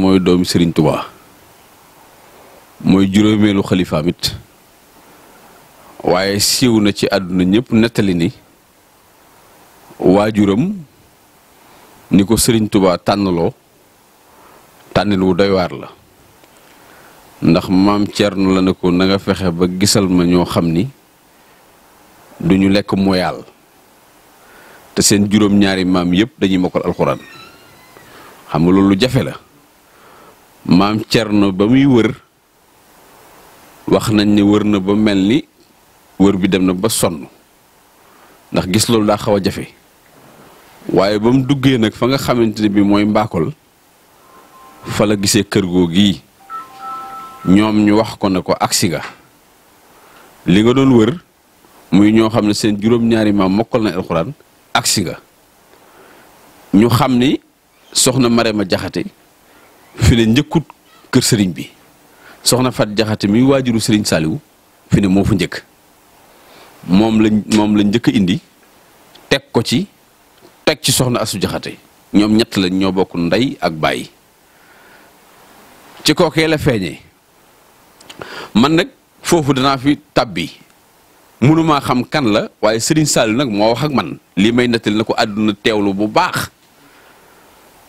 mooy doomi sëriñ Touba mooy juróomeelu xalifaam it waaye siiw na ci àdduna ñëpp nettali ni waajuram ni ko sëriñ tubaa tànnaloo tànnil wu doy la ndax maam Thierno la ne ko na fexe ba gisal ma ñoo xam ni duñu lekk moyaal te seen juróom-ñaari maam yëpp dañuy mokkal alxuraan xam nga loolu jafe la. maam na ba muy wër wax nañ ne wër na ba mel ni wër bi dem na ba sonn ndax gis loolu daa xaw a jafe waaye ba mu duggee nag fa nga xamante ne bi mooy mbaakol fa la gisee kër goo gii ñoom ñu wax ko ne ko agsi nga li nga doon wër muy ñoo xam ne seen juróom-ñaari maam mokkal na alxuraan agsi nga ñu xam ni soxna ma Jaxate fi ne njëkkut kër sëriñ bi soxna Fat Jaxate mi waajuru sëriñ Saliou fi ne moo fa njëkk moom la moom lañ njëkk a indi teg ko ci teg ci soxna Asu Jaxate ñoom ñett lañ ñoo bokk ndey ak baay ci kookee la feeñee man nag foofu danaa fi tàbbi mënumaa xam kan la waaye sëriñ Saliou nag moo wax ak man lii may nettali na ko àdduna teewlu bu baax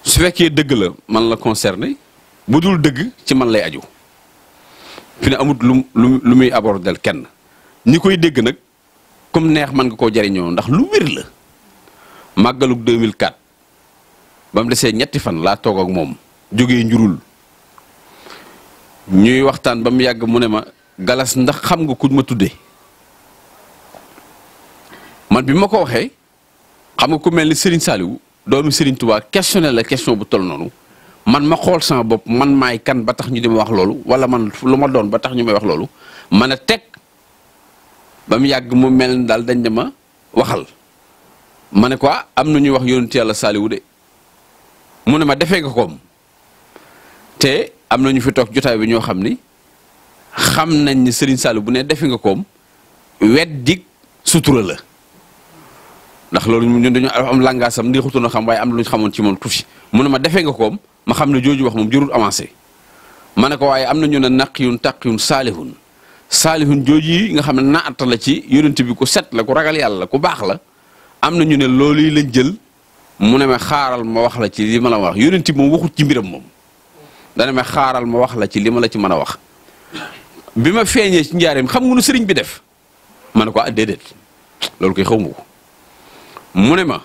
su fekkee dëgg la man la concerné bu dul dëgg ci man lay aju fi ne amut lu lu lu muy abordel kenn ñi koy dégg nag comme neex man nga koo jariñoo ndax lu wér la màggalug 2004 ba mu desee ñetti fan laa toog ak moom jógee njurul ñuy waxtaan ba mu yàgg mu ne ma galas ndax xam nga kuñ ma tuddee man bi ma ko waxee xam nga ku mel ni Serigne saaliwu doomu Serigne Touba questionné la question bu toll noonu man ma xool sama bopp man maay kan ba tax ñu di ma wax loolu wala man lu ma doon ba tax ñu may wax loolu man a teg ba mu yàgg mu mel ni daal dañ ne ma waxal ma ne quoi ah am na ñuy wax yonentu yàlla saaliwu de mu ne ma defee nga koom te am na ñu fi toog jotaay bi ñoo xam ni xam nañ ni Serigne Saliou bu ne defee nga koom wet dig sutura la. ndax loolu ñun dañu am langage am neexutoon a xam waaye am na lu ñu xamoon ci moom tuuti mu ne ma defee nga koom ma xam ne jooju wax moom jërul avancé ma ne ko waaye am na ñu ne naqiyun taqiyun saalihun saalihun jooju yi nga xam ne naata la ci yonent bi ku set la ko ragal yàlla ku baax la am na ñu ne loolu yi lañ jël mu ne ma xaaral ma wax la ci li ma la wax yonent bi moom waxut ci mbiram moom dana ma xaaral ma wax la ci li ma la ci mën a wax bi ma feeñee ci njaarim xam nga nu sëriñ bi def ma ne ko ah déedéet loolu koy xaw ma ko mu ne ma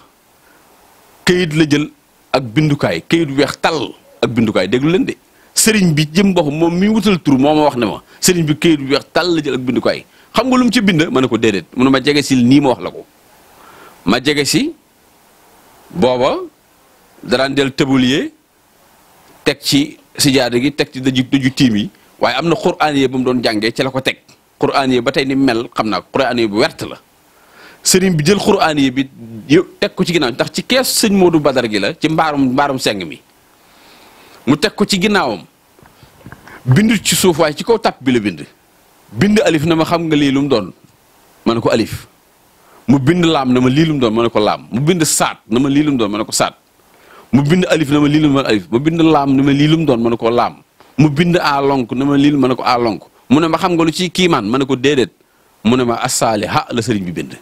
kayit la jël ak bindukaay kayit weex tàll ak bindukaay déglu leen de sëriñ bi jëm bopp moom mi wutal tur moo ma wax ne ma sëriñ bi kayit weex tàll la jël ak bindukaay xam nga lum ci bind ma ne ko déedéet mu ne ma jege si nii ma wax la ko ma jege si booba daraan del tablier teg ci sijaada gi teg ci daju daju tiim yi waaye am na xuraaniye ba mu doon jàngee ci la ko teg xuraaniye ba tey ni mel xam naa xuraaniye bu wert la sëriñ bi jël xuraan yi bi teg ko ci ginnaaw ndax ci kees sëñ Modou la ci mbaarum mbaarum seng mi mu teg ko ci ginnaawam bind ci suuf ci kaw tàpp bi la bind bind alif na ma xam nga lii lu mu doon ma ne ko alif mu bind laam na ma liilum lu doon ma ne ko laam mu bind saat na ma lii lu ne ko saat mu bind alif na ma lii lu mu bind laam na ma lii lu mu doon ma ne ko laam mu bind aalonk na ma lii ma ne ko aalonk mu ne ma xam nga lu ci kiimaan ma ne ko déedéet mu ne ma asaali ha la sëriñ bi bind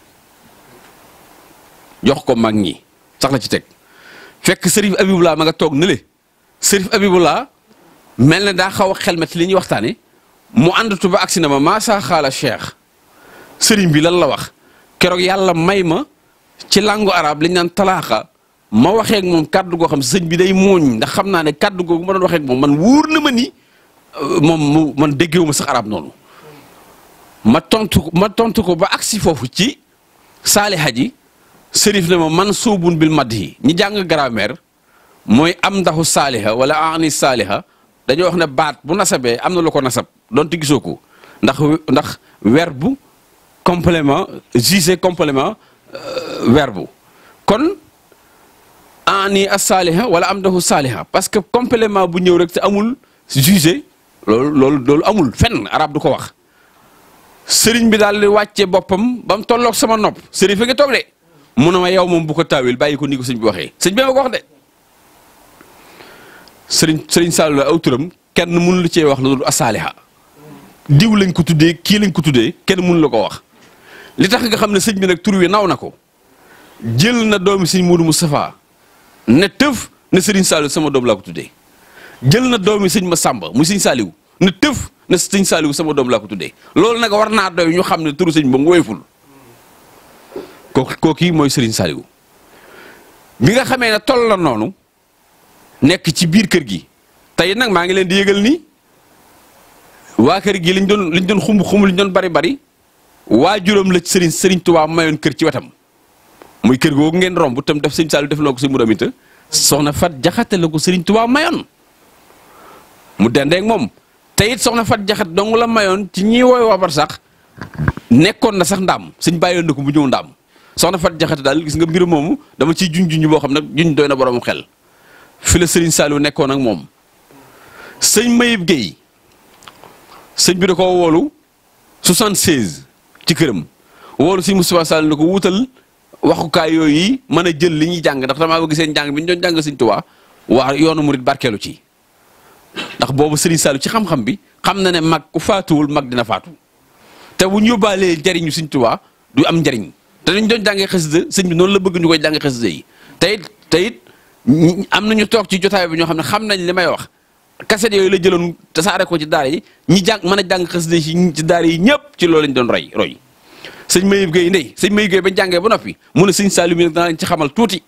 jox ko mag ñi sax la ci teg fekk sërif abibulaa ma nga toog nële sërif abibulaa mel na daa xaw a xel ci li ñuy waxtaane mu àndatu ba agsi na ma maasaa xaala cheikh sëriñ bi lan la wax keroog yàlla may ma ci làngu arab li ñu naan talaaxa ma waxeek moom kàddu goo xam sëñ bi day mooñ ndax xam naa ne kàddu googu ma doon waxeek moom man wóor na ma ni euh, moom mu man déggewu ma sax arab noonu ma tontu ma ko ba agsi foofu ci saaliha ji sërif ne ma man suubun bil madhi ñi jàng grammaire mooy am ndaxu saaliha wala ani saaliha dañoo wax ne baat bu nasabee am na lu ko nasab doonte gisoo ko ndax ndax verbe complément juger complément euh, verbe kon ani as saaliha wala am ndaxu saaliha parce que complément bu ñëw rek amul juger loolu loolu amul fenn arab du ko wax sëriñ bi daal di wàccee boppam ba mu tolloog sama nopp sëriñ fi toog de mun ne ma yow moom bu ko taawil bàyyi ko ni ko sëñ bi waxee sëñ bi ma ko wax de sëriñ sëriñ Saliou aw turam kenn mënu la cee wax loolu asaaliha diw lañ ko tuddee kii lañ ko tuddee kenn mënu la ko wax li tax nga xam ne sëñ bi nag tur wi naw na ko jël na doomi sëñ mu safaa ne tëf ne sëriñ Saliou sama doom laa ko tuddee jël na doomi sëñ Massamba mu sëñ Saliou ne tëf ne sëñ Saliou sama doom laa ko tuddee loolu nag war naa doy ñu xam ne turu sëñ ba mu Koki ki moy Serigne saliw mi nga xamé na toll na noonu nekk ci biir kër gi tay nak ma ngi len di yegal ni wa kër gi liñ doon liñ doon xum xum liñ doon bari bari waajuram la Serigne Serigne Touba mayon kër ci wetam muy kër gog ngeen rombu tam def Serigne saliw def loo ko si muram soxna Fat Jaxate la ko Serigne Touba mayon mu dendeeg moom te it soxna Fat jaxat dong la mayon ci ñi woy wa bar sax nekkon na sax ndam bu ndam soxna Fatou Diakhaté daal gis nga mbir moomu dama ciy juñ juñ boo xam ne juñ doy na borom xel fi la Serigne Saliou nekkoon moom sëñ Mayib Guèye sëñ bi da ko woolu 76 ci këram woolu si Moustapha Sall na ko wutal waxukaay yooyu yi mën a jël li ñuy jàng ndax damaa ko gisee jàng bi ñu doon jàng sëñ Tuubaa waa yoonu murit barkeelu ci ndax boobu Serigne Saliou ci xam-xam bi xam na ne mag ku faatuwul mag dina faatu te bu ñu yóbbaalee njariñu sëñ Tuubaa du am njariñ te dañ doon jàngee xasida sëñ bi noonu la bëgg ñu koy jàngee xasida yi teyit teyit am nañu toog ci jotaay bi ñoo xam ne xam nañ li may wax kaset yooyu la jëloon tasaare ko ci daar yi ñi jàng mën a jàng xasida yi ci daara yi ñëpp ci loolu lañ doon roy roy sëñ Mayib Gueye ndey sëñ Mayib Gueye bañ jàngee ba noppi mu ne sëñ Saliou mi nag danaa leen ci xamal tuuti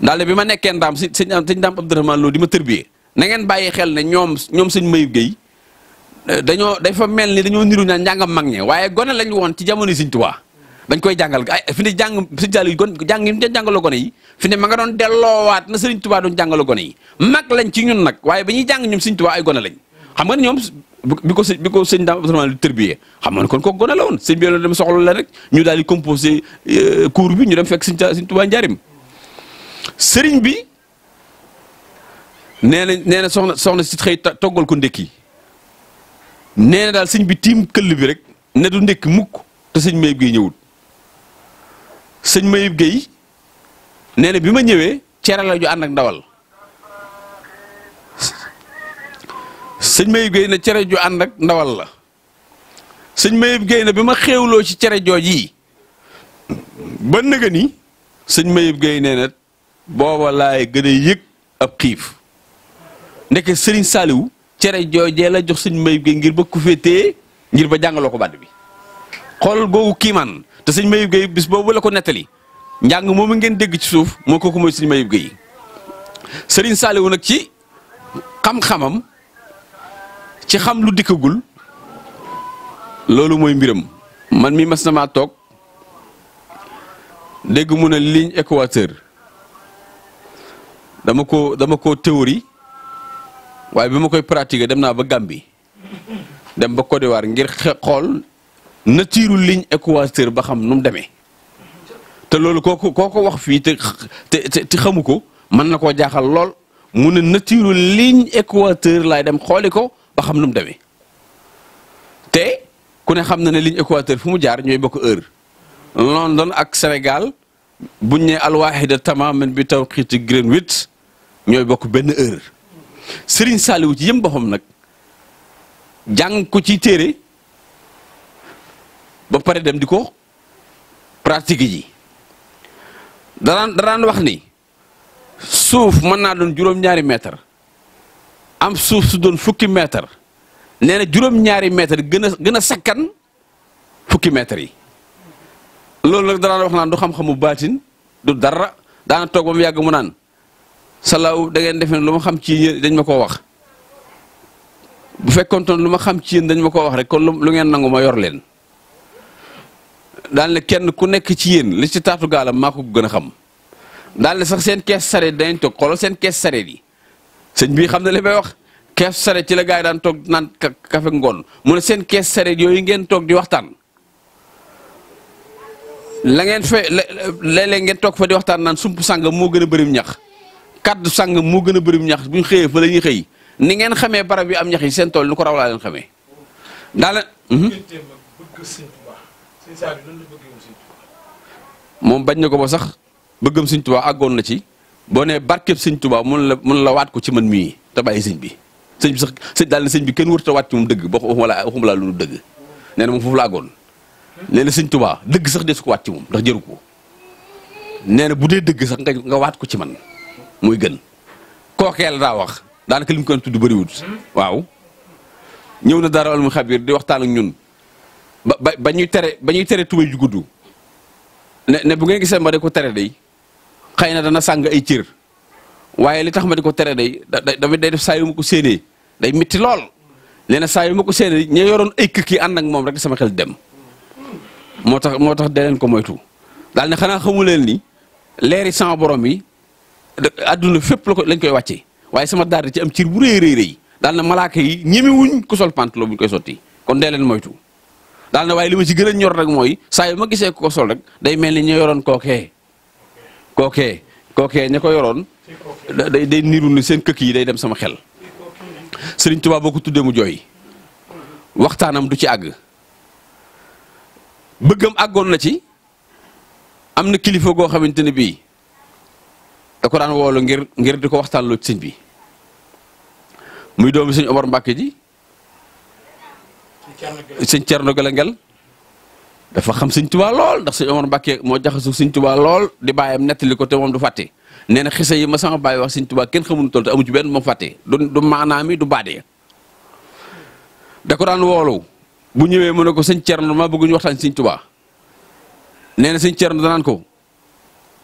daal bi ma nekkee ndaam si sëñ sëñ ndaam Abdourahmane Lo di ma tërbiyee na ngeen bàyyi xel ne ñoom ñoom sëñ Mayib Gueye eh, dañoo dañ fa mel ni dañoo niru ñaan njàngam mag ñe waaye gone lañ woon ci jamono sëñ Tuubaa bañ koy jàngal ay fi ne jàng sëñ Saliou gon jàng yi jàngaloo gone yi fi ne ma nga doon delloowaat na sëriñ Tuubaa doon jàngaloo gone yi mag lañ ci ñun nag waaye ba ñuy jàng ñoom sëriñ Tuubaa ay gone lañ xam nga ne ñoom bi ko sëñ bi ko sëñ Dame Abdourahmane xam nga ne kon kooku gone la woon sëñ bi dem soxla la rek ñu daal di composé euh, bi ñu dem fekk sëñ Tuubaa njaarim sëriñ bi nee na nee na soxna soxna si xëy toggal ko ndékki nee na daal sëñ bi tiim këll bi rek ne du ndékki mukk te sëñ Mayib Gueye ñëwut sëñ Mayib gei nene bima bi ma la ju ànd ak ndawal sëñ Mayib Guèye ne cere ju ànd ak ndawal la sëñ Mayib gei na bima ma xéewloo ci cere jooj yi ba nëga ni sëñ Mayib Guèye nee na booba laay gën a yëg ab xiif ndeke sëriñ Saaliw cere joojee la jox sëñ Mayib Guèye ngir ba ku ngir ba jangalo ko badd bi Kol googu ukiman te sëñ Mayib Gueye bis boobu la ko nettali njàng moomu ngeen dégg ci suuf moo kooku mooy sëñ Mayib Gueye sëriñ Saliou nag ci xam-xamam ci xam lu dikkagul loolu mooy mbiram man mi mas na maa toog dégg mu ne ligne équateur dama ko dama ko théorie waaye bi ma koy pratiquer dem naa ba bi dem ba Côte ngir xool na tiiru ligne équateur ba xam nu mu demee te loolu kooku koo ko wax fii te te te xamu ko mën na koo jaaxal lool mu ne na tiiru ligne équateur laay dem xooli ko ba xam nu mu demee te ku ne xam na ne ligne équateur fu mu jaar ñooy bokk heure London ak Sénégal buñ ne alwaahida tamaman bi taw xiit tawqiiti Greenwich ñooy bokk benn heure Serigne Saliou ci yëm boppam nag jàng ko ci téere ba paré dem diko pratique yi daraan daraan wax ni souf man na doon juróom-ñaari mètre am suf su doon fukki mètre néna na ñaari mètre gëna gëna sakkan fukki mètre yi lool nak daraan wax naan du xam-xamu baatin du dara daana toog ba mu yàgg mu naan salaw da ngeen defe ne lu xam ci dañ mako wax bu xam ci dañ mako wax rek kon lu ngeen nanguma yor len daal ne kenn ku nekk ci yéen li ci taatu gaa maa ko gën a xam daal ne sax seen kees sareet danañ toog xoolal seen kees sareet yi sëñ bii xam ne li may wax kees sareet ci la gars daan toog naan kafe ngoon mu seen kees sareet yooyu ngeen toog di waxtaan la ngeen fe léeg-léeg ngeen toog fa di waxtaan naan sump sàngam moo gën a bërim ñax kaddu sàngam moo gën a bërim ñax bu xëyee fa la ñuy xëy ni ngeen xamee barab yi am ñax yi seen tool nu ko raw laa leen xamee daal mhm. moom bañ na ko ba sax bëggam sëñ Tuubaa agoon na ci boo nee barkeb sëñ tubaa mun la mun la waat ko ci man mii te bàyyi sëñ bi sëñ bi sax sëñ daal ne sëñ bi kenn warut a waat ci moom dëgg boo waxuma la la lu dëgg neena na moom foofu la àggoon nee na sëñ dëgg sax desu ko waat ci moom ndax jëru ko nee na bu dee dëgg sax nga nga waat ko ci man muy gën kookeel daa wax daanaka li mu ko tudd bëriwut hmm? waaw ñëw na dara al mu xabir di waxtaan ak ñun ba ba ba ñuy tere ba ñuy tere tubéy ju gudd ne ne bu ngeen gisee ma di ko tere day xëy na dana sàng ay cër waaye li tax ma di ko tere day da day def saa yu ma ko séenee day métti lool nee na saa yu ma ko séenee ña yoroon ay kër ki ànd ak moom rek sama xel dem moo tax moo tax da ko moytu daal ne xanaa xamu leen ni leeri sama borom yi adduna fépp la lañ koy wàccee waaye sama daar di ci am cir bu rëy rëy rëy daal na malaaka yi ñemewuñ ko sol pantalon bu ñu koy sotti kon dee leen moytu. daal na waaye li ma ci gën a ñor nag mooy saa yu ma gisee koo sol rek day mel ni ñu yoroon kookee kookee kookee ña ko yoroon day day niru ni seen këkk yi day dem sama xel Sëriñ Tuubaa boo ko tuddee mu jooy waxtaanam du ci àgg bëggam àggoon na ci am na kilifa goo xamante ne bii da ko daan woolu ngir di ko waxtaan loo ci bi muy doomi sëñ Omar Mbàkke ji seigne tierno gelengel dafa xam seigne touba lol ndax seigne Omar mbake mo jaxassou seigne touba lol di bayam nettali ko te mom du fatte nee xisse yi ma sama bay wax seigne touba ken xamuñu toll amu ci ben mo fatte du du manami du badé ya. da ko dan woolu bu ñewé mo nako seigne tierno ma bëggu ñu waxtan seigne touba nee seigne tierno Cerno danaan ko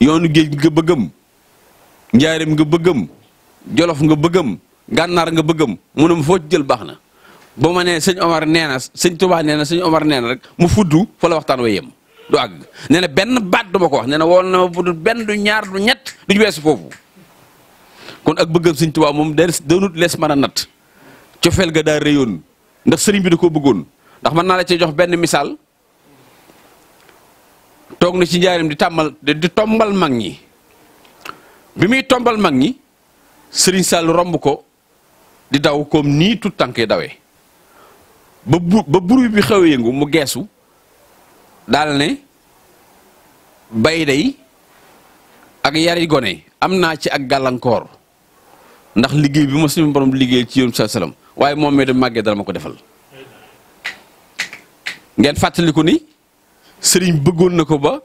yoonu geej nga bëggum njaarim nga bëggum jolof nga bëggum gannar nga bëggum mu ne ma ci jël baxna boo ma nee sëñ Omar nee na sëñ Touba nee na sëñ Omar nee rek mu fuddu fa la waxtaan wa yem du àgg nee na benn baat du ma ko wax nee na woon na ma bu benn du ñaar du ñett duñ weesu foofu kon ak bëggam sëñ Touba moom da doonut lees mën a nat cofeel ga daa réyoon ndax sëriñ bi da ko bëggoon ndax mën naa la cee jox benn misaal toog na ci njaarim di tàmmal di tombal mag ñi bi muy tombal mag ñi sëriñ Sall romb ko di daw comme nii tut tànk yi ba bu ba bruit bi xaw yëngu mu geesu daal ne bay day ak yari gone am naa ci ak gàllankoor ndax liggéey bi ma suñu borom liggéey ci yoon sa salaam waaye moom mee da màggee dara ma ko defal ngeen fàttaliku ni sëriñ bëggoon na ko ba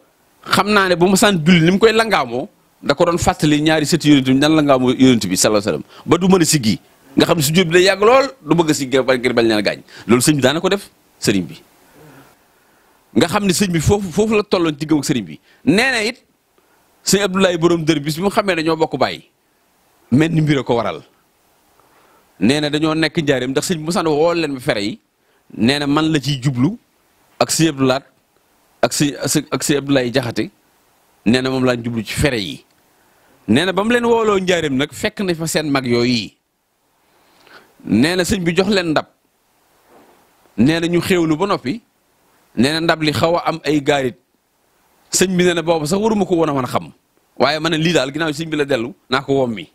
xam naa ne bu ma saan julli ni mu koy langaamoo da ko doon fàttali ñaari sëti yonent bi nan langaamoo yonent bi salaam ba du mën a gi nga xam sujud bi day yag lol du bëgg si ngir bañ ñal gañ lol señ bi daana ko def señ bi nga xam ni señ bi fofu fofu la tollon ci gëm ak sëriñ bi neena it señ Abdoulaye borom deur bis bi mu xamee ne ñoo bokk bàyyi mel ni mbir ko waral neena na dañoo nekk ndiarim ndax señ bi mosaan wol leen bi féré yi neena man la ci jublu ak señ Abdoulaat ak señ ak señ Abdoulaye jaxati neena mom la jublu ci féré yi neena bam leen wolo ndiarim nak fekk na fa seen mag yi nee na sëñ bi jox leen ndab nee na ñu xéewlu ba noppi nee na ndab li xaw a am ay gaarit sëñ bi nee na boobu sax waruma ko woon a xam waaye man lii daal ginnaaw sëñ bi la dellu naa ko wommi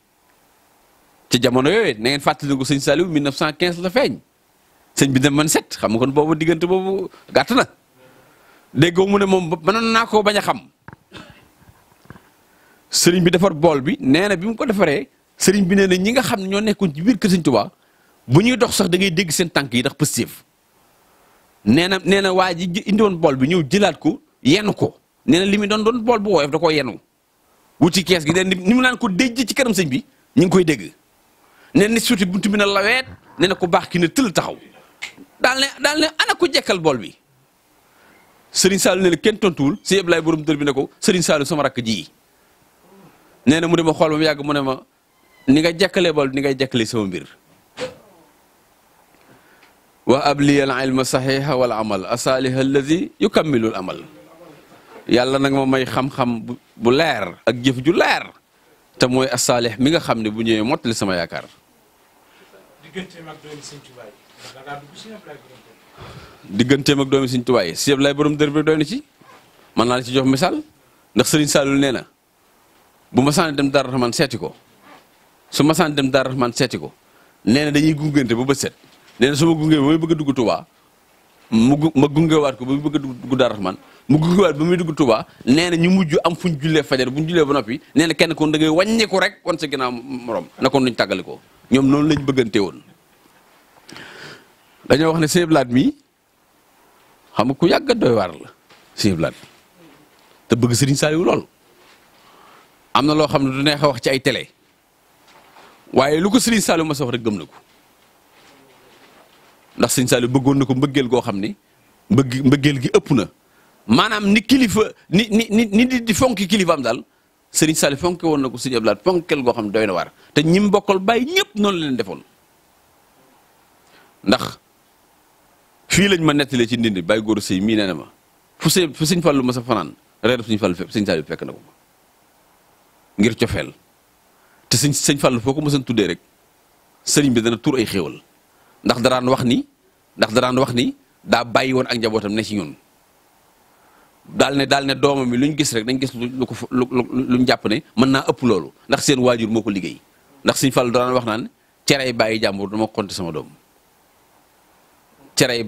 ci jamono yooyu na ngeen fàttaliku sëñ Saliou 1915 la feeñ sëñ bi dem man set xam nga kon boobu diggante boobu gàtt na déggoo mu ne moom mënoon naa koo bañ a xam sëriñ bi defar bool bi nee na bi mu ko defaree sëriñ bi nee na ñi nga xam ne ñoo nekkoon ci biir kër sëñ Tuubaa bu ñuy dox sax da ngay dégg seen tànk yi ndax positif nee na nee na waa ji indi woon bool bi ñëw jëlaat ko yenn ko nee na li mu doon doon bool bu woyof da ko yenu wuti kees gi den ni mu naan ko déjj ci kanam sëñ bi ñu ngi koy dégg nee na suuti but bi na laweet nee na ku baax ki ne tëll taxaw daal ne daal ne ana ko jekkal bool bi Serigne Saliou ne kenn tontuwul si Ablaye borom dër bi ne ko sëriñ Saliou sama rakk ji nee na mu dem xool ba mu yàgg mu ne ma ni nga jekkalee bool ni ngay jekkalee sama mbir. وabli al ilma saxiixa wal amal asaaliha alladi yukammilu al amal yàlla nag ma may xam-xam bu leer ak jëf ju leer te mooy asaalix mi nga xam ne bu ñëwee mottali sama yaakaar digganteem ak doomi Sëriñ Tuubaa yi si yëpp lay borom dër bi doy na ci mën naa la ci jox misaal ndax Sëriñ Saalul nee na bu masaan dem Daaru Rahmaan seeti ko su masaan dem Daaru Rahmaan seeti ko nee na dañuy gungante bu bët set nee na su ma gungee ba muy bëgg a dugg Touba mu gu ma gungewaat ko ba muy bëgg a dugg Darou man mu gungewaat ba muy dugg Touba nee na ñu mujj am fu ñu jullee fajar bu buñ jullee ba noppi nee na kenn kon da ngay wàññeeku rek kon sa ginnaaw morom na kon duñ tàggale ko ñoom noonu lañ bëggante woon. dañoo wax ne seeblaat Blaat mii xam nga ku yàgg doy waar la Sèye Blaat te bëgg Serigne Saliou lool am na loo xam ne du neex a wax ci ay tele waaye lu ko Serigne Saliou ma sa wax rek gëm na ko. ndax sëñ Saliou bëggoon na ko mbëggeel goo xam ni mbëgg mbëggeel gi ëpp na maanaam ni kilifa ni ni ni ni di fonki kilifaam daal sëriñ Saliou fonke woon na ko sëñ Abdoulaye fonkel goo xam ne doy na waar te ñim bokkal bàyyi ñëpp noonu la leen defoon ndax fii lañ ma nettalee ci ndindi bàyyi góor sëy mii nee ma fu sëñ fu sëñ Fallou ma sa fanaan reer sëñ Fallou fekk na ko ma ngir te sëñ sëñ Fallou foo tuddee rek sëriñ bi dana tur ay xéewal ndax daraan wax ni ndax daraan wax ni daa bàyyi woon ak njabootam ne ci ñun daal ne daal ne doomam mi lu ñu gis rek dañ gis lu ko lu lu ñu ne mën naa ëpp loolu ndax seen waajur moo ko liggéey ndax suñ fal daraan wax naan cerey bàyyi jàmbur dama ko xonte sama doom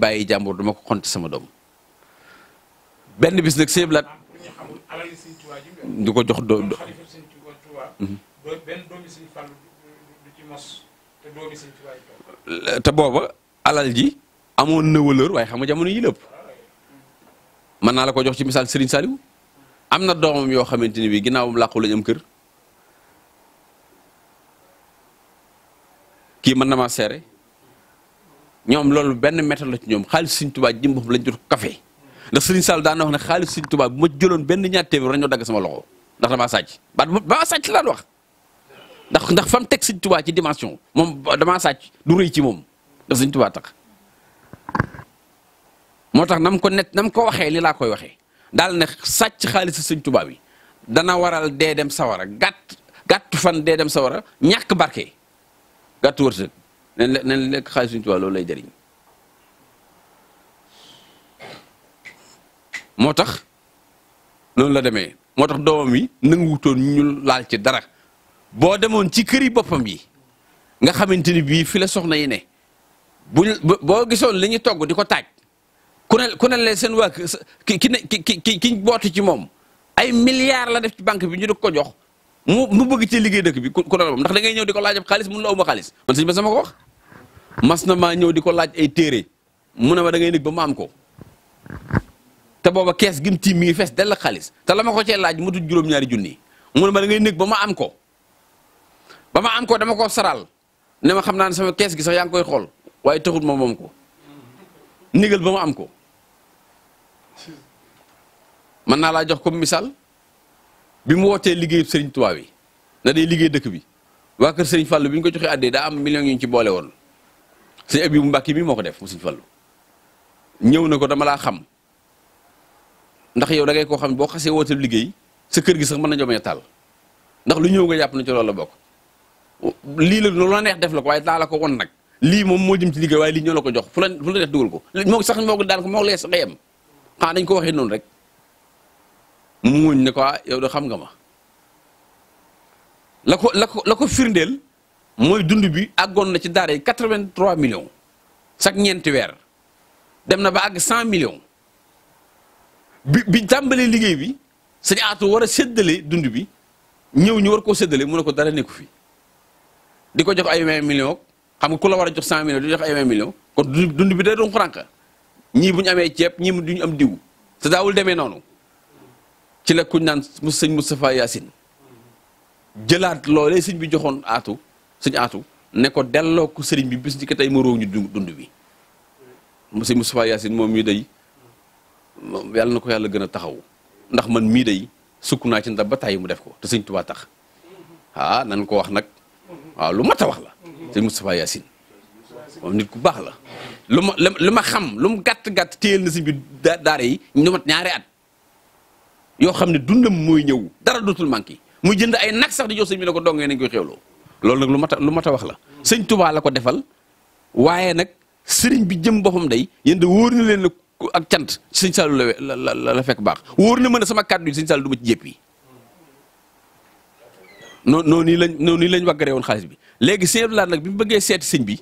bàyyi jàmbur dama ko xonte sama doom benn bis nag sëñ Lat ko jox do te booba alal ji amoon na valeur waaye xam na jamono yi lépp naa la ko jox ci misaal Serigne Saliou am na doomam yoo xamante ni bii ginnaawam làqu lañ am kër kii man na maa seere ñoom loolu benn métal la ñoom xaalis Serigne Touba jëm boppam lañ jot café ndax Serigne Saliou daan na wax ne xaalis Serigne Touba bu ma jëloon benn ñaar téeméer war nañoo dagg sama loxo ndax damaa sàcc ba ba sàcc laa wax. ndax ndax fam teg sëñ tubaa ci dimension moom damaa sàcc du rëy ci moom daf sëñ tubaa tax moo tax nam ko net nam ko waxee li laa koy waxee daal ne sàcc xaalis sëñ tubaa bi dana waral dee dem sawara gàtt gàtt fan dee dem sawara ñàkk barke gàtt wërsëg nen nen lekk xaalis sëñ tubaa loolu lay jëriñ moo tax noonu la demee moo tax doomam yi nanguwutoon ñu laal ci dara bo demoon ci këri bopam yi nga xamanteni bi fi la soxna yi ne bo gisoon togg di taaj ku ne ku ne la seen ki ki ki ki ci mom ay milliards la def ci bank bi ñu diko jox mu mu bëgg ci liggéey dëkk bi ku ne ndax da ngay ñew di laaj xaliss mu mun la uma xaalis man señu ba sama ko wax mas ma ñew diko di laaj ay téré mu ne ma da ngay nekk ba ma am ko te booba kess gim tiim mi fess del xaliss xaalis te la ko ci laaj mu tudd juroom ñaari junni mu ne ma da ngay nekk ba ma am ko ba ma am ko dama ko saral ne ma xam naa ne sama kees gi sax yaa ngi koy xool waaye taxul ma moom ko ndigal ba ma am ko mën naa laa jox comme misaal bi mu wootee liggéey Serigne Touba yi na day liggéey dëkk bi waa kër Serigne Fallou bi ñu ko joxee àddee daa am millions yu ñu ci boole woon Serigne Abibou Mbacké mi moo ko def mu Serigne Fallou ñëw na ko dama laa xam ndax yow da ngay koo xam boo xasee wootee liggéey sa kër gi sax mën na jomee taal ndax lu ñëw nga jàpp na ci loolu la bokk lii la lu la neex def la ko waaye daa ko won nag lii moom moo jëm ci liggéey waaye lii ñoo la ko jox fu la fu la neex dugal ko moo sax moo daan ko moo lee sax yem ko waxee noonu rek ne ko ah yow xam nga ma la ko la la ko firndeel mooy dund bi àggoon na ci daara yi 83 millions ñeenti weer dem na ba àgg 100 millions bi bi tàmbalee liggéey bi sañ aatu war a seddale dund bi ñëw ñu war koo séddale mu ne ko dara nekku fi di ko jox ay 20 millions xam nga ku la war a jox 100 jox ay 20 millions kon dund bi day doon xurànq ñii bu ñu amee ceeb ñii du ñu am diw te daawul demee noonu ci la kuñ naan sëñ Moustapha Yacine jëlaat loole sëñ bi joxoon aatu sëñ aatu ne ko delloo ko sëriñ bi bis ni ko tey ma róog dund bi sëñ Moustapha Yacine moom mii day yàlla na ko yàlla gën a taxaw ndax man mii day sukk naa ci ndax ba tàyyi mu def ko te sëñ Tuubaa tax ah nan ko wax nag waaw lu mat a wax la sëñ Moustapha ku baax la lu ma lu ma xam lu mu gàtt-gàtt téyel na si bi daara yi ñaari at yoo xam ne dundam mooy ñëw dara dootul manqué muy jënd ay nag sax di jox sëñ bi ne ko dongee nañ koy xewloo loolu nag lu mat a lu mat a wax la sëñ la ko defal waaye nag sëriñ bi jëm boppam day yéen de wóor na leen ak cant sëñ Saliou la la la fekk baax wóor na mën a sama kàddu yi sëñ Saliou du ma ci noo noonu lañ noonu lañ waggaree woon xaalis bi léegi sëñ Abdou Lahad bi mu bëggee seet sëñ bi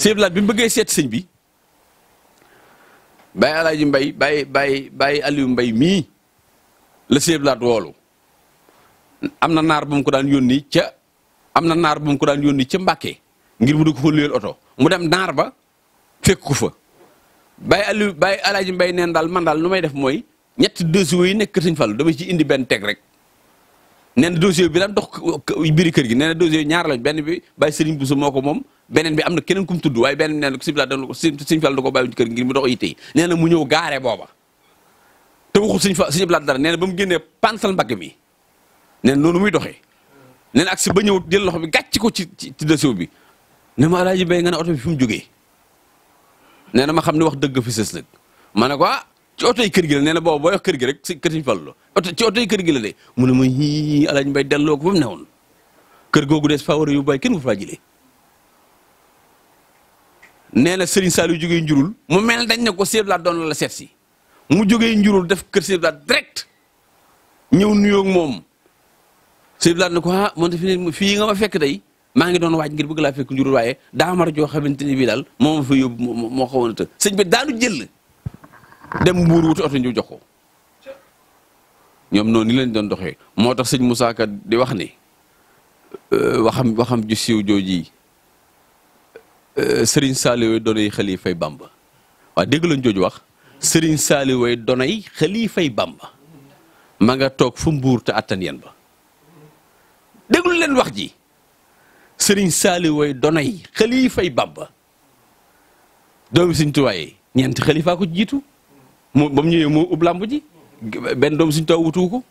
sëñ bi mu bëggee seet sëñ bi bàyyi alaaji mbay bàyyi bàyyi bàyyi Aliou mbay mii la sëñ Abdou Lahad woolu am na naar bu mu ko daan yónni ca am na naar bu mu ko daan yónni ca Mbàkke ngir mu di ko oto mu dem naar ba fekk ku fa bàyyi Aliou bàyyi alaaji mbay neen daal man daal lu may def mooy ñetti deux jours yi nekk Sëñ fal dama ci indi benn teg rek nee na dossier bi daan dox biiri kër gi nee na dossier ñaar lañ benn bi bàyyi Serigne Bousso moo ko moom beneen bi am na keneen ku mu tudd waaye benn nee na mu nee na mu ñëw gaare booba te waxul Serigne fa Serigne Blaat dara nee na ba mu génnee pansal mbagg mi nee na noonu muy doxee nee na ak si ba ñëw jël loxo bi gàcc ko ci ci dossier bi ne ma alaaji bay nga ne oto bi fi mu jugee nee na ma xam ne wax dëgg fi sës nag ma ne ko ah ci oto yi kër gi la nee na boobu booy kër gi rek si kër Sëñ Fallu la oto ci oto yi kër gi la de mu ne ma yii Alaaji Mbay delloo ko ba mu newoon kër googu des faa war a yóbbaay kenn ku faa jëlee nee na Serigne Saliou jógee njurul mu mel dañ ne ko Sëñ Abdou doon la la si mu jógee njurul def kër Sëñ Abdou Lahad ñëw nuyoo moom Sëñ Abdou Lahad ko ah moo de fii fii nga ma fekk day maa ngi doon waaj ngir bëgg laa fekk njurul waaye daa mar joo xamante ni bii daal moo ma fa yóbbu moo moo sëñ bi daanu jël. dem mbuur wuti oto ñu jox ko ñoom noonu leen lañ doon doxee moo tax sëñ Moussa Ka di wax ni euh, waxam waxam ju siiw jooji euh, Serigne Saliou donay xalifay Bamba waaw dégg lañ jooju wax Serigne Saliou donay xalifay Bamba ma nga toog fu mbuur te attan yeen ba déglu leen wax ji sëriñ Serigne Saliou donay xalifay Bamba doomi Sëñ Tuubaa ñeenti xalifaa ko jiitu mu ba mu ñëwee mu ub làmb ji benn doom suñ taw wutu ko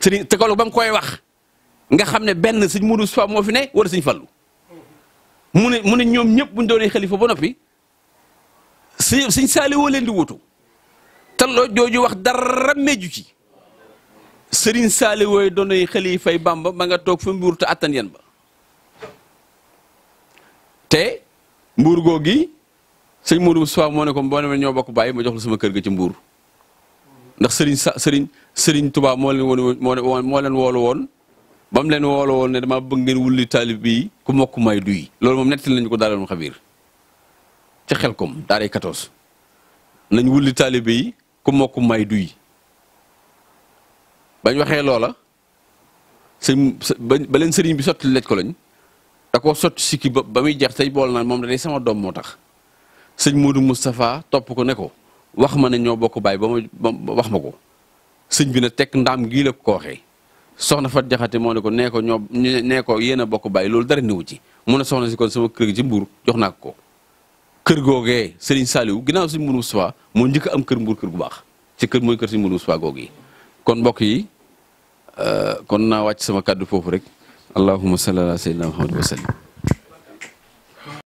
sëriñ te ba mu koy wax nga xam ne benn suñ mudu fa moo fi ne wala suñ fallu mu ne mu ñoom ñëpp buñ doonee xalifa ba noppi si suñ saali di wutu te jooju wax dara méju sëriñ saali wooy doonay xalifay bamba ba nga toog fa mbuur te attan yan ba te mbuur googi sëñ Modou Moustapha moo ne boo demee bokk bàyyi ma jox la kër ga ci mbuur ndax sëriñ sëriñ sëriñ Tuubaa moo leen woon moo moo leen woolu woon ba mu leen woolu woon ne damaa bëgg ngeen wulli taalib bii ku mokk may duy loolu moom nettali nañu ko daaloon xabiir ci xel kom daaray 14 nañ wulli taalib yi ku mokk may duy bañ waxee loola sëñ ba leen sëriñ bi sotti lej lañ da koo sotti sikki ba ba muy jeex tey bool naan moom da day sama doom moo tax sëñ Modou Moustapha topp ko ne ko wax ma ne ñoo bokk baay ba ma wax ma ko sëñ bi ne teg ndaam gii la ko waxee soxna Fat Jaxate moo ne ko nee ñoo nee yéen a bokk baay loolu dara niwu ci mu ne soxna si kon sama kër gi ci mbuur jox naa ko kër googee sëriñ Saliou ginnaaw sëñ Modou Moustapha moo njëkk am kër mbuur kër gu baax ci kër mooy kër sëñ Modou Moustapha googu kon mbokk yi euh, kon naa wàcc sama kàddu foofu rek allahumma salli ala sayyidina Muhammad